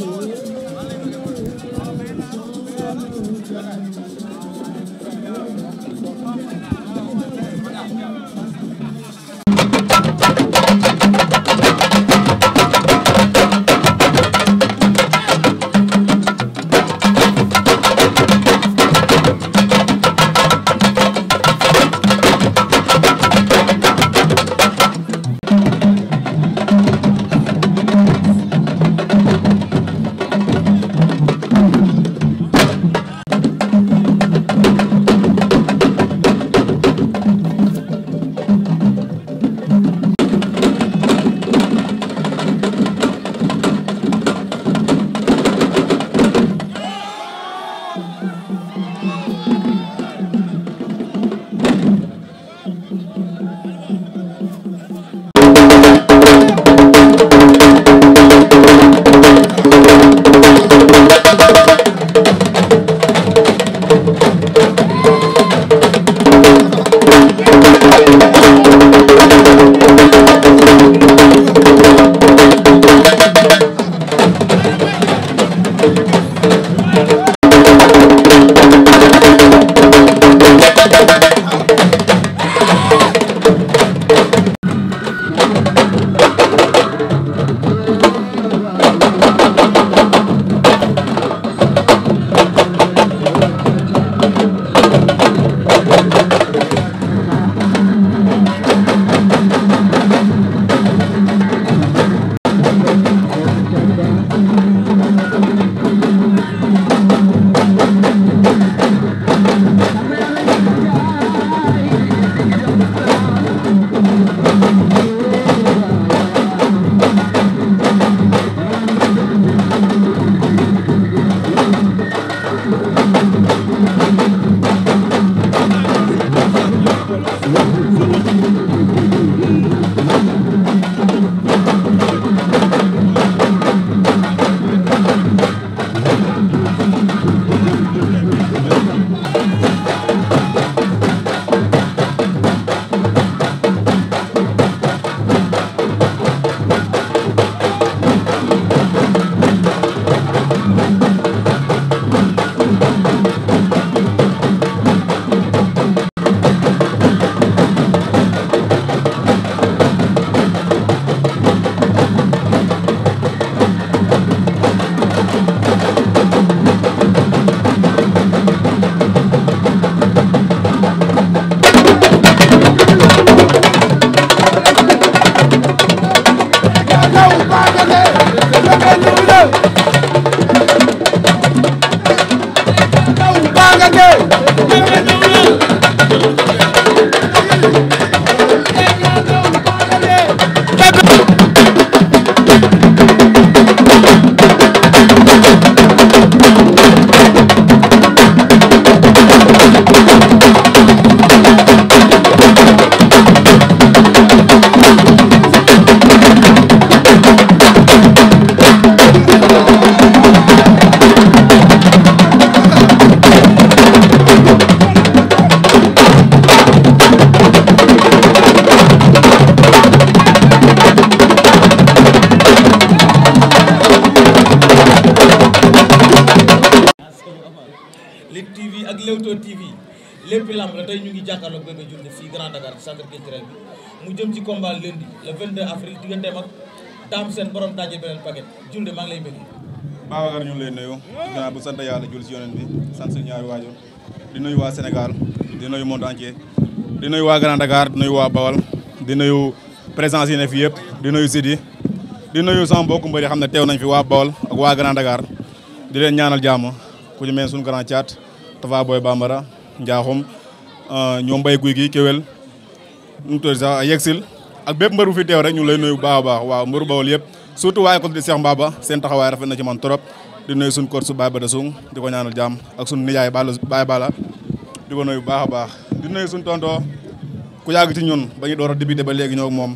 Thank you. Lutte TV ak Leewtoo TV lépp lamb la tey ñu ngi jàkkaarloog Bébé Diouldé fii Grand Dakar centre culturel bi mu jëm ci combat lundi le 22 avril digganteem ak Dame Sène borom daje beneen paquet Diouldé maa ngi lay bëgg. Babacar ñu ngi lay nuyu. gannaaw bu sant yàlla jul ci yonent bi sant suñu ñaari waajur di nuyu waa Sénégal di nuyu monde di nuyu waa Grand Dakar di nuyu waa Bawal di nuyu présence yi ne fi yëpp di nuyu Sidi di nuyu sama mbokku mbër yi xam ne teew nañ fi waa Bawal ak waa Grand Dakar di leen ñaanal jàmm ku ñu meen suñu grand caat Tafa Bambara Ndiakhom euh, gi Kewel. mu tudd sax yegsil ak bépp mbër bu fi teew rek ñu lay nuyu bu baax a baax waaw mbëru Bawol yëpp surtout waaye ko di Cheikh Mbaba seen taxawaay rafet na ci man trop di nuyu suñ koor su baay ba da sung di ko ñaanal jàmm ak suñ nijaay bala baay bala di ko nuyu baax a baax di nuyu suñ tontoo ku yàgg ci ñun ba ñu door a débuté ba léegi ñoo moom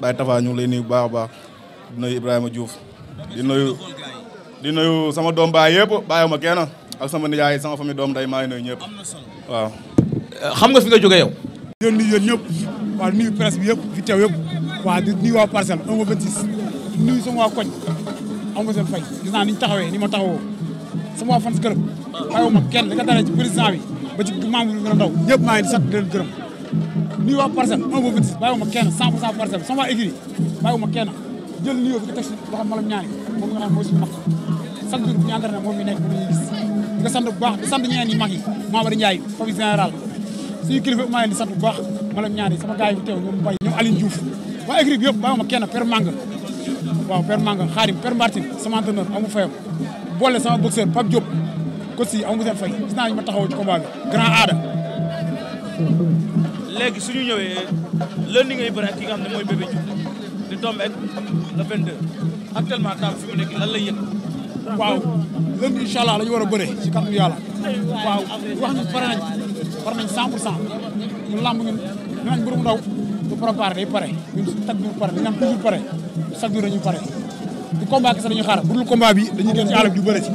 Baye Tafa ñu lay nuyu bu baax a baax di nuyu Ibrahima Diouf di nuyu di nuyu sama doom baay yëpp bàyyiwuma kenn ak sama nijaay sama famille doom day maa ngi nuyu ñëpp waaw xam nga fi nga yow yéen nii yéen ñëpp waa nuyu presse bi yëpp fi teew yëpp waa di nuyu waa parcelle 1 ba 26 di waa koñ am nga seen fay gis naa ni ñu taxawee ni ma taxawoo sama waa fans club bàyyiwu ma kenn li nga dalee bi ba ci membre bi a ndaw ñëpp maa ngi di sant di leen gërëm nuyu waa parcelle 1 ba 26 bàyyiwu ma kenn 100 pour cent parcelle sama waa écrit bàyyiwu ma kenn jël nuyoo bi nga teg si malam ñaani moom nga xam mooy suñu mag chaque jour bu ñu moom mi nekk moom ñuy gis bu baax di sant ñeneen ñi mag yi Mamadou Ndiaye famille général suñu kilifa maa leen di sant bu baax malam ñaari sama gars yi fi teew ñoom Mbaye ñoom Aline Diouf waa écrit bi yëpp bàyyi ma kenn Père Manga waaw Père Manga Xaarim Père Martin sama entraîneur amu fayam boole sama boxeur Pape Diop si amu ñu ma taxawoo bi ñëwee lundi ngay bëri ak ki nga xam ne mooy bébé Diouf di tombe ak le 22 actuellement temps fi mu nekk lan lay waaw la ñu war a bëree si kàttan yàlla waaw wax ñu pare nañ war nañ 100 pour cent ñun làmb ñun dinañ mbirum ndaw du préparé day pare ñun chaque jour pare dañ am toujours pare chaque jour dañuy pare du combat kese dañuy xaar bu dul combat bi dañuy dem ci àll bi du bëri ci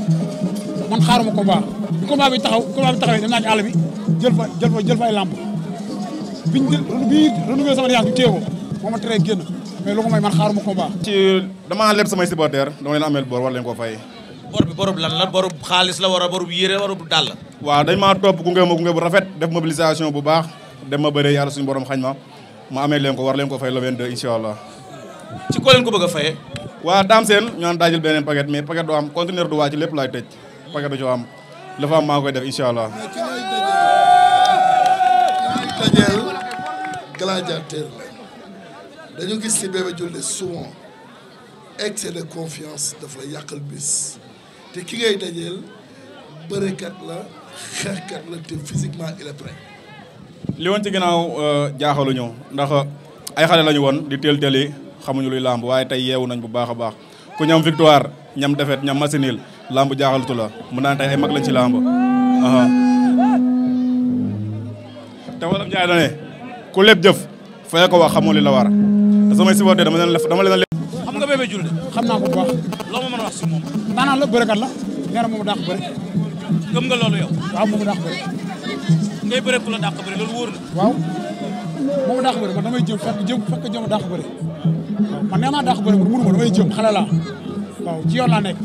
man xaaruma combat taxaw combat bi naa àll bi jël fa jël fa jël fa ay làmb biñ jël bii renouvelé sama alliance bi téye ko moo ma teree génn mais lu ko may man xaaruma combat ci damaa leb samay supporter dama leen amel bor war leen koo fay bor bi lan la borub xaalis la war a borub yére warub dàll waaw dañ maa topp gunge ma gunge bu rafet def mobilisation bu baax dem ma bëree yàlla suñu borom xañ ma mu amee leen ko war leen ko fay le 22 incha allah. ci ko leen ko bëgg a fayee. waa daam seen ñu naan daajil beneen paquet mais paquet du am conteneur du wàcc lépp laay tëj paquet du ci am la fa maa koy def incha allah. dajeel gladiateur la dañu gis ci Bébé Diouldé souvent excès de confiance daf yàqal bis te ki ngay dajeel bërekat la li woon ci ginnaaw euh, jaaxaluñu ndax euh, ay xale lañu woon di teel teel xamuñu luy làmb waaye tey yeewu nañ bu baax a baax ku ñam victoire ñam defet ñam masinil làmb jaaxalutu mun naa tey ay mag lañ ci làmb. te wala la war te samay supporter a. xam nga ko bu baax. a wax si la bërekat la moom daa ko bëre. gëm nga loolu yow. waaw moom dàq bëri. ngay bëre ku la dàq bëri loolu wóor na. waaw moom dàq bëri man damay jëm fekk jëm fekk jëm dàq bëri man nee naa dàq bëri man mënuma damay jëm xale laa waaw ci yoon laa nekk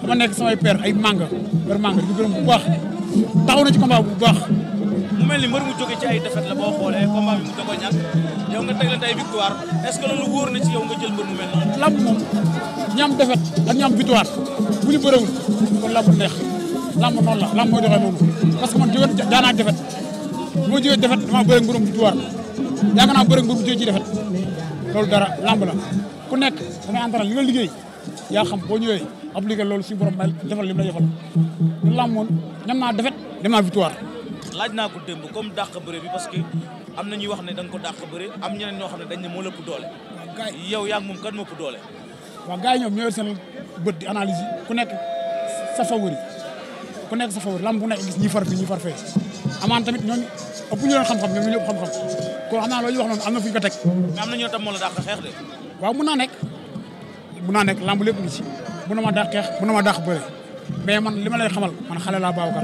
dama nekk samay père ay manga père manga di gërëm bu baax taxaw na ci combat bu baax. mu mel ni mbër mu jóge ci ay défaite la boo xoolee combat bi mu dogo ñàkk yow nga teglante ay victoire est-ce que loolu wóor na ci yow nga jël mbër mu mel noonu. lamb moom ñi am défaite ak ñi am victoire bu ñu bërewul kon lamb neex. lamb noonu la lamb mooy doxee noonu parce que man jóge daanaa defet bu ma jógee defet dama bëri nguuram ci duwaar yàgg naa bëri nguuram jóge ci defet loolu dara lamb la ku nekk da ngay entraîné li nga liggéey yaa xam boo ñëwee appliqué loolu si borom may defal li mu la defal lu lamb moon ñam naa defet dem naa laaj naa ko démb comme dàq bëre bi parce que am na ñuy wax ne da nga ko dàq bëre am ñeneen ñoo xam ne dañ ne moo la ëpp doole yow yaa ngi moom kan moo ëpp doole waaw gars yi ñoom ñoo yor seen bët di analyse ku nekk sa favori ku nekk sa favori lamb bu nekk gis ñi far fi ñi fee amaan tamit ñooñu ëpp ñu leen xam-xam ñoom ñu kon xam naa loolu wax noonu am na fu ñu ko teg mais am ñoo tam la dàq xeex de waaw mu naa nekk mun naa nekk lamb lépp ngi ci mun na ma dàq xeex mun na ma dàq bëre mais man li ma lay xamal man xale laa Babacar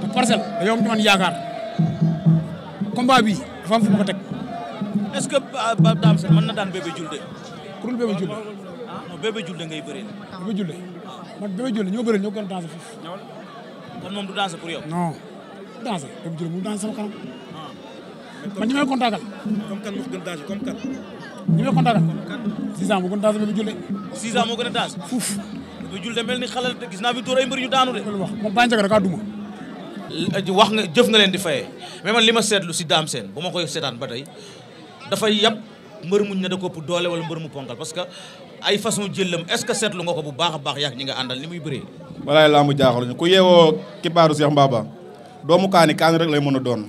te parcelle da yow ci man yaakaar combat bi dafa am fu ma ko teg est-ce que Pape Dame Sène mën na daan bébé julde kurul bébé julde ah, non bébé julde man bébé Diouldé ñoo bëri ñoo gën a dansé foofu. kon moom a dansé pour yow. a dansé bébé Diouldé mu dansé sama kanam. Ah. man ñi may kontaakal. comme a dansé comme kan. ñi moo gën a dansé bébé Diouldé. six ans moo mel ni xale gis naa fi tóor ay mbir ñu daanu de. loolu wax moom bàncax rek a wax nga jëf nga leen di fayee mais man li ma seetlu si Dame Sène bu ma koy seetaan ba tey dafay yab mbër mu ne da ko doole wala mbër mu ponkal parce que ay façon jëllam est-ce que seetlu nga ko bu baax a baax yaak ñi nga àndal ni muy bëree walaay laa mu jaaxaluñu ku yeewoo kibaaru Cheikh Mbaba doomu kaani kaani rek lay mën a doon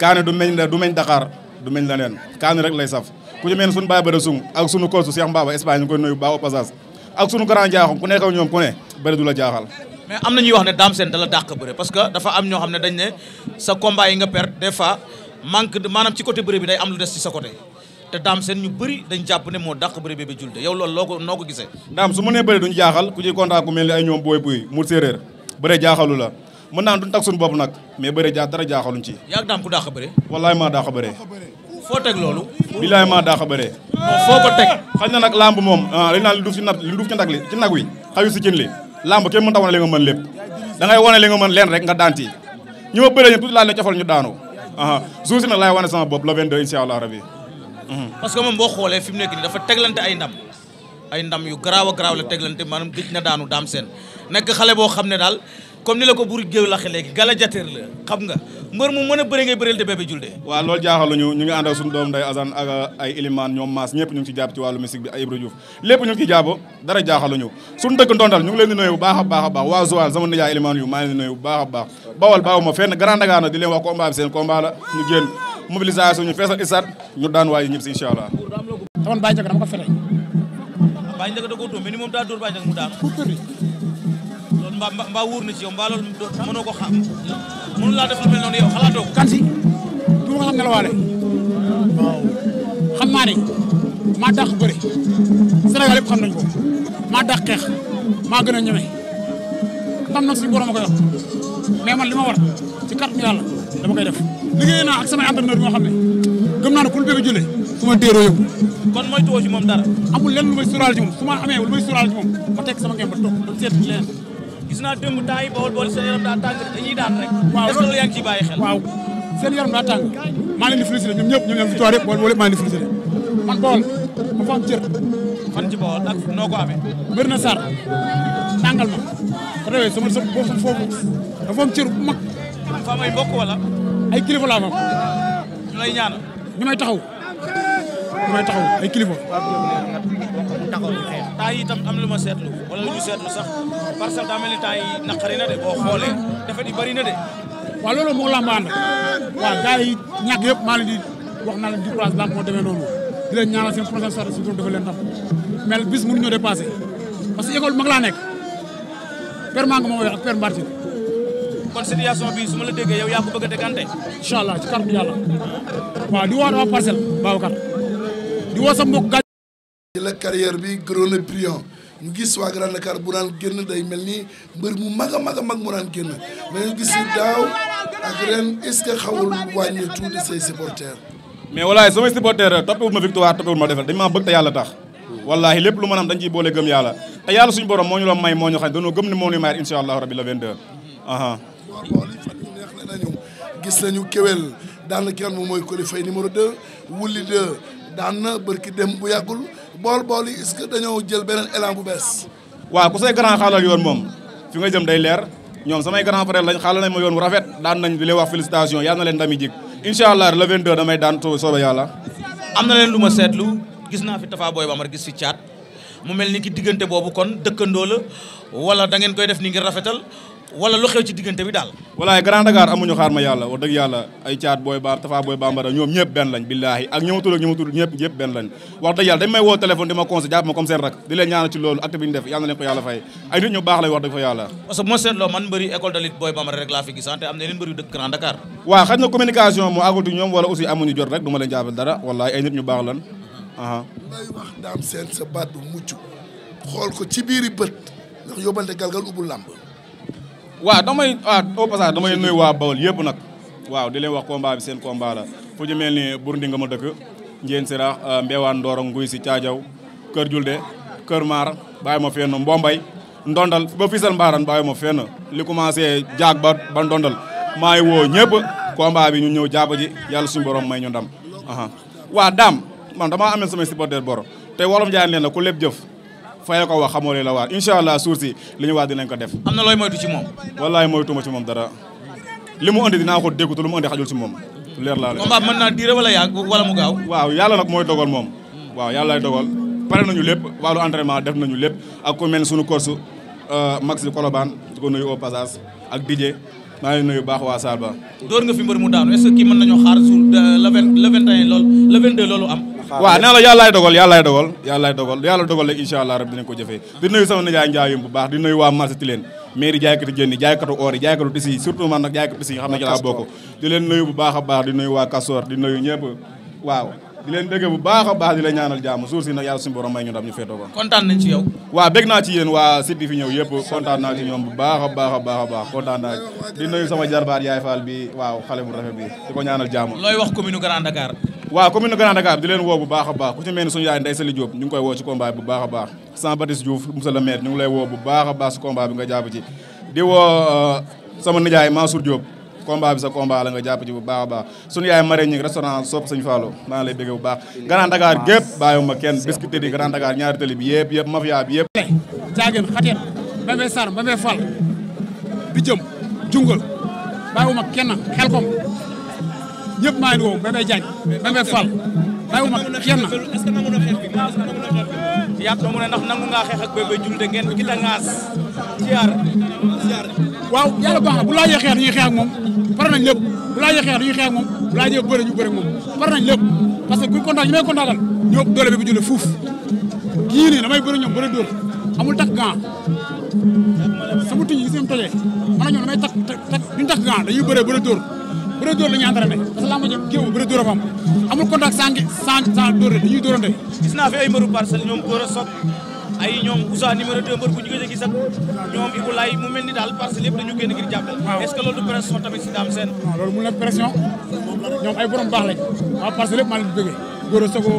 kaani du meñ du meñ Dakar du meñ leneen kaani rek lay saf ku ci mel suñu baay bëri sung ak suñu koosu Cheikh Mbaba Espagne ñu koy nuyu baax au passage ak suñu grand jaaxum ku nekk ñoom ku ne bëri la jaaxal mais am na ñuy wax ne Dame Sène dala dàq bëre parce que dafa am ñoo xam ne dañ ne sa combat yi nga perdre maanaam ci côté bëre bi day am lu des ci sa te daam seen ñu bëri dañ jàpp ne moo dàq bëri bébé julde yow loolu loo ko noo ko gisee daam su mu nee bëri duñu jaaxal ku ci kontaan ku mel ni ay suñu bopp nag mais bëri jaa dara jaaxaluñ ci yaa daam ku dàq bëri wallaay maa dàq bëri foo teg loolu bilaay maa dàq bëri foo ko teg xañ na nag lamb moom ah, li naan li duuf ci nat li duuf ci ndag li ci nag wi xawi si cin li lamb kenn mën ta wane li mën ngay wane li nga mën leen rek nga daanti ñi ma bëri ñu tuuti laal ne cofal ñu daanu aha jour si nag laay wane sama bopp le 22 inshallah rabbi parce que moom boo xoolee fi mu nekk nii dafa teglante ay ndam ay ndam yu garaaw a garaaw la teglante maanaam gëj na daanu daam seen nekk xale boo xam ne daal comme ni la ko bur géew laxe léegi gala jateer la xam nga mbër mu mën a bëri ngay bëreel te bébé julde waaw loolu jaaxaluñu ñu ngi ànd ak doom nday azan ay ilimaan ñoom maas ñëpp ñu ngi ci jàpp ci wàllu musique bi ay Ibra Diouf lépp ñu ngi ci jàpp dara jaaxaluñu suñu dëkk ndondal ñu leen di nuyu baax a baax a baax waa Joal sama nijaay ilimaan yu maa ngi leen di nuyu bu baax a baax bawal baaw ma fenn Grand Dakar na di leen ñu génn mobilisation ñu feesal isaat ñu daan mbaa mbaa wóor na ci yow mbaa loolu mënoo ko xam mënu laa def lu mel noonu yow ko. kan si du ma xam ne la waale waaw xam naa ne maa dàq bëre Sénégal yëpp xam nañ ko maa dàq xeex maa gën a ñeme xam nag suñu borom a koy wax man li ma war ci kàttan yàlla dama koy def liggéey naa ak samay entraîneur bi nga xam ne gëm naa ne ku bébé jëlee su ma téeroo yëpp kon moytuwoo ci moom dara amul lenn lu may sóoraale moom su ma amee lu may sóoraale ci moom ma teg sama ngeen ba toog ba seet leneen gis naa démb temps yi bool bool seen yaram daa tàng dañuy daan rek. waaw seen yaram daa tàng maa leen di féliciter ñoom ñëpp ñoom ñoom victoire yëpp bool bool yëpp maa leen man bool ma fa cër. fan ci bool ak noo ko amee. bëri na Sarr tàngal ma ko tawee sa boobu foofu dafa am cër bu mag. fa may bokk wala. ay kilifa laa ñu lay ñaanal ñu may taxaw. ku may taxaw ay kilifa. yi itam am lu ma seetlu wala lu ñu seetlu sax parcelle daa mel ni taay yi naqari na de boo xoolee dafa di bëri na de. waaw loolu moo la maa ànd yi ñàkk yëpp maa leen di wax naa leen di place lamb moo demee noonu di leen ñaanal seen projet sori si dafa leen tam mais bis mënu ñoo dépassé parce que école mag laa nekk père Manga ma wooy ak père Martin kon situation bi su ma la déggee yow yaa ko bëgg a déggante incha allah di woo sa mbokk gàj la carrière bi gënoon a brillant gis waa Grand Dakar bu daan génn day mel ni mbër mu mag a mag mu daan génn mais ñu gis daaw ak ren est xawul wàññi tuuti say supporters mais walaay samay supporters toppewul ma victoire toppewul ma defal dañ maa bëgg te yàlla tax wallaahi lépp lu ma am dañ ciy boole gëm yàlla te yàlla suñu borom moo ñu la may moo ñu xam dañoo gëm ne moo ñu may incha allahu rabi la 22 aha waaw waaw li fan yu la nañu gis nañu mooy qualifié numéro 2 wulli 2 daan na bërki dem bu yàggul bool bool dañoo jël beneen élan bees waaw ku say grand xaalal yoon moom fi nga jëm day leer ñoom samay grand frère lañ xaalal nañ ma yoon daan nañ di leen wax félicitation yàlla na leen ndami jik incha allah le 22 damay daan to soobe yàlla am na leen lu ma seetlu gis naa fi Tafa ma Bambara gis fi caat mu mel ni ki diggante boobu kon dëkkandoo la wala da ngeen koy def ni ngir rafetal wala lu xew ci diggante bi daal walaay Grand Dakar amuñu xaar ma yàlla wax dëgg yàlla ay caat booy baam tafa booy bambara ñoom ñëpp benn lañ billaahi ak ñooma ak ñooma tudd benn lañ wax dëgg yàlla dañ may woo téléphone di ma conseil ma bi ñu def yàlla communication moo àggatu ñoom wala aussi amuñu jot rek du leen jaabal dara walaay ay nit ñu baax lan aa may wax daam seen sa baat bu mucc xool ko ci biiri bët ndax yóbbante galgal ubbu làmb waaw damay waaw ah, au passage damay nuyu waa Bawol yëpp nag waaw di leen wax combat seen combat la fu ñu mel ni Bourndi nga ma dëkk Ndiène Sirax euh, Mbewaan Ndorong Nguy si Caajaw Kër Julde Kër Maar bàyyi ma fenn Mbombay Ndondal ba Fisal Mbaaran bàyyi ma fenn li commencé jaag ba ba Ndondal maa ngi woo ñëpp combat bi ñu ñëw jàpp ji yàlla suñu borom may ñu ndam. waa daam man damaa amee samay supporter bor te wolof Njaay nee na ku lépp jëf. fay ko wax xamoo li la waar incha allah suur si li ñu wax dinañ ko def. am na looy moytu ci moom. wallaay moytuma ci moom dara li mu andi dinaa ko dégg te lu mu andi xajul ci moom. leer laa leen combat mën naa diire wala yàgg wala mu gaaw. waaw yàlla nag mooy dogal moom. waaw yàlla lay dogal pare nañu lépp wàllu entraînement def nañu lépp ak ku mel ne sunu course euh, Max Colobane di ko nuyu au passage ak DJ maa ngi nuyu baax waa Salba. door nga fi mbër mu daanu est-ce que kii mën nañoo xaar suul le vingt le vingt et un loolu le vingt deux loolu am. waaw nee la yàllaay dogal yàllaay dogal yàllaay dogal yàlla dogal rek incha allah rab dinañ di nuyu sama nijaay njaayum bu baax di nuyu waa marché Tilène mairie jaaykatu jën yi jaaykatu oor yi jaaykatu tisi surtout man nag jaaykatu tisi xam ne ci bokk di leen nuyu bu baax a baax di nuyu waa Kasoor di nuyu ñëpp waaw di leen bëgg bu baax a baax di la ñaanal jàmm suur si nag yàlla suñu borom may ñu ndam ñu féetoo ko kontaan ci yow waaw bëgg naa ci yéen waa site bi fi ñëw yëpp kontaan naa ci ñoom bu baax a baax a a baax kontaan naa di waaw xale bu rafet bi di ko ñaanal jàmm looy wax commune Grand waaw commune Grand Dakar bi di leen woo bu baax a baax ku ci mel ni yaay Ndeye Sali Diop ñu koy woo ci combat bu baax a baax Jean Baptiste Diouf monsieur le maire lay woo bu baax a baax si combat bi nga jàpp ci di woo euh, sama nijaay Mansour Diop combat bi sa combat la nga jàpp ci bu baax a baax suñu yaay mari ñi restaurant sopp sëñ Fallou maa lay bëgg bu baax Grand Dakar gépp bàyyiwuma kenn biscuiterie Grand Dakar ñaari tali bi yëpp yëpp mafia bi yëpp jaageen xateet ba mee sar ba mee fal bi jëm kenn na mu nangu ngaa xeex ak bébé julde ngeen ci dangaas waaw yàlla baax na bu laajee xeex dañuy xeex ak moom pare nañ lépp bu laajee xeex dañuy xeex ak moom bu laajee bëre ñu bëre moom pare nañ lépp parce que kuñ kontaan ñu may kontaatal ñoo doole bi bu julle fuuf kii nii damay bëre ñoom bëre dóor amul takk gan sama tuñ gis ngeen tojee man a ñoom damay takk takk duñ takk gan dañuy bëre bëre dóor bëre dóor la ñu entraîné parce que lamba jëm géew bëre dóor a fa am amul contact sans sans sans dóor dañuy dóorante gis naa fi ay mbëru parcelle ñoom góor ay ñoom Ousa numéro 2 mbër bu ñu gëj a gis ak ñoom Ibou Laye mu mel ni daal parce que lépp dañu génn ngir jàppale. waaw est loolu du pression tamit si Dame Sène. waaw loolu mu nekk pression ñoom ay borom baax lañ waaw parce que maa leen di bëggee. Goro Sogo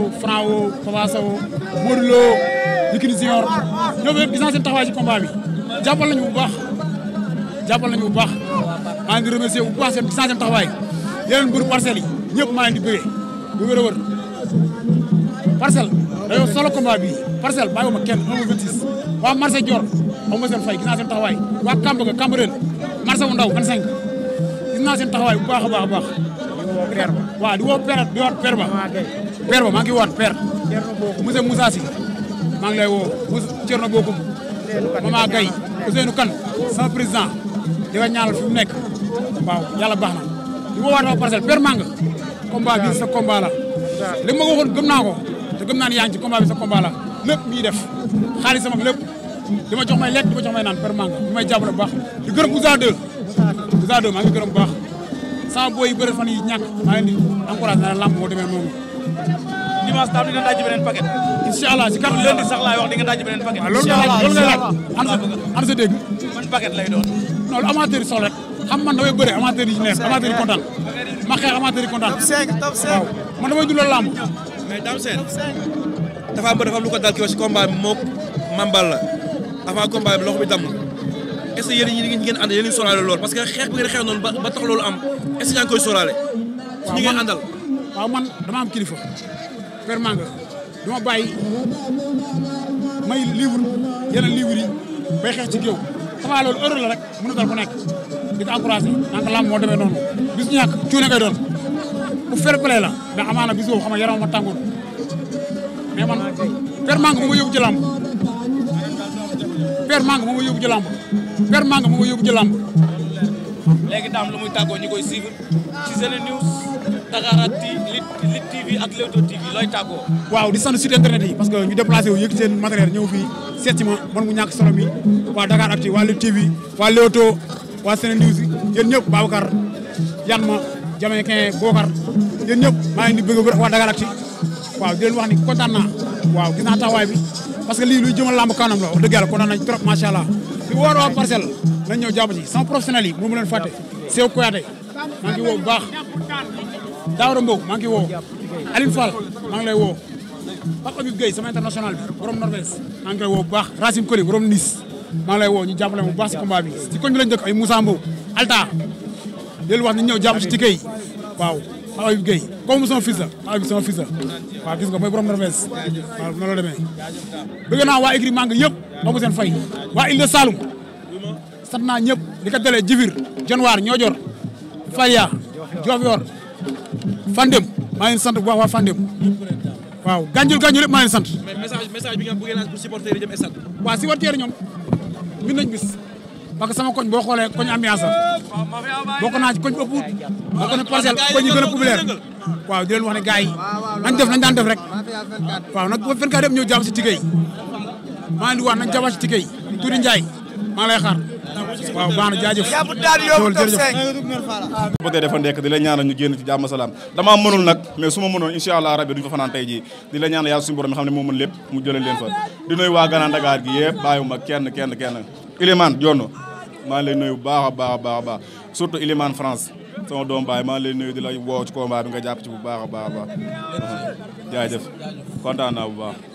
bu baax jàppal nañu bu baax maa ngi remercier bu baax seen gis naa seen taxawaay yeneen mbër parcelles yi ñëpp maa leen di a wér parcelle dañoo solo combat bi parcelle bàyyiwuma kenn 1 26 waa marché Dior aw ma seen fay gis naa seen taxawaay waa Kambaga Kambareen marché bu ndaw 25 gis naa taxawaay baax a baax a baax. waaw di di woo Père Ba. Père Ba maa ngi woot Père. monsieur Moussa maa ngi lay woo Thierno Bokum Mama Gaye Ousseynou Kane sama président di nga ñaanal fi mu nekk waaw yàlla baax na di woowaat waa parcelle Père Manga combat sa combat la ma waxoon gëm naa ko te gëm naa ne yaa ngi ci combat bi sa la lépp miy ma jox may lekk di ma jox may naan par manga di may jàppale bu baax yi bëri fan yi ñàkk maa ngi leen di encouragé na lamb moo demee noonu dimanche tam di nga dajji beneen paquet incha allah si kat lundi sax laay wax di nga dajji beneen paquet loolu nga laaj an sa dégg man paquet lay doon non ma xeex amateur yi kontaan mais Dame Sène dafa am dafa am lu ko dal kii wax si bi moog mambal la avant combat bi loxo bi damm est ce que yéen ñi ngi ngeen lool parce que xeex bi ngeen ba tax loolu am est ce que yaa ngi koy sóoraale. man dama am kilifa. dama bàyyi may livre yeneen livre bay xeex ci géew xamaa loolu la rek mën na dal ku nekk di ko encouragé. naan lamb cuune ngay bu fair play la ndax amaana bis boobu xam nga yaram ma tàngoon mais man per manque moo ma yóbbu ci làmb per manque moo ma yóbbu ci làmb per manque moo ma yóbbu ci làmb léegi lu muy tàggoo ñu koy suivre ci Sene News Dakaractu Lutte TV ak Leewtoo TV looy tàggoo waaw di sant site internet yi parce que ñu déplacé wu yëg seen matériel ñëw fii seet ci ma ñëpp Babacar yan ma Jamaïcain Bokar yéen ñëpp maa ngi di bëgg a waa Dakaractu waaw di leen wax ni kontaan naa waaw gis naa taxawaay bi parce que lii luy jëmal làmb kanam la wax dëgg yàlla kontaan nañ trop macha allah di woo waa parcelle nañ ñëw jàpp ci sama professionnel yi moom leen fàtte baax Daouda Mbow maa ngi woo Aline Fall maa ngi lay woo Pape Abib Gueye bi borom Norvège maa ngi koy baax Racine Coly borom Nice maa ngi lay ñu jàppale bu baax si combat bi si koñ bi lañ ay Moussa Mbow leen wax ni ñëw jàpp ci ci kay waaw Habib Gueye comme sama fils la Habib sama fils la gis nga mooy borom Norvège waaw noonu la demee bëgg naa waa écurie Manga yëpp amu seen fay waa Île de Saloum sant naa ñëpp di ko dalee Jifir Jonwaar Ñoojor Faria Diofior Fandem maa ngi sant bu baax waa Fandem waaw gànjul gànjul yëpp maa ngi sant. mais message message bi nga bëgg naa pour supporter yi jëm stade. waaw supporter ñoom ñun nañ bis. parce que sama koñ boo xoolee koñ ambiance la bokk naa koñ bu ëpp bokk na parcelle koñ yi gën a populaire waaw di leen wax ne gars yi nañ def nañ daan def rek waaw nag boo fekkee dem ñëw jàpp si tike yi maa ngi di wax nañ jàpp si tike yi tuuti Ndiaye waaw baax na jaajëf loolu jërëjëf ba tey dafa nekk di la ñaanal ñu génn ci jàmm salaam damaa mënul nag mais su ma mënoon incha allah rabi duñu fa fanaan tey jii di la ñaanal yàlla suñu borom mi xam ne moo mën lépp mu jëlee leen fa di nuyu waa Ganaar Dakar gi yëpp bàyyiwuma kenn kenn maa ngi lay nuyu bu baax a baax a baax a baax surtout Ilimane France sama doom baay maa ngi lay nuyu di la woo ci combat bi nga jàpp ci bu baax a baax a baax jaajëf kontaan naa bu baax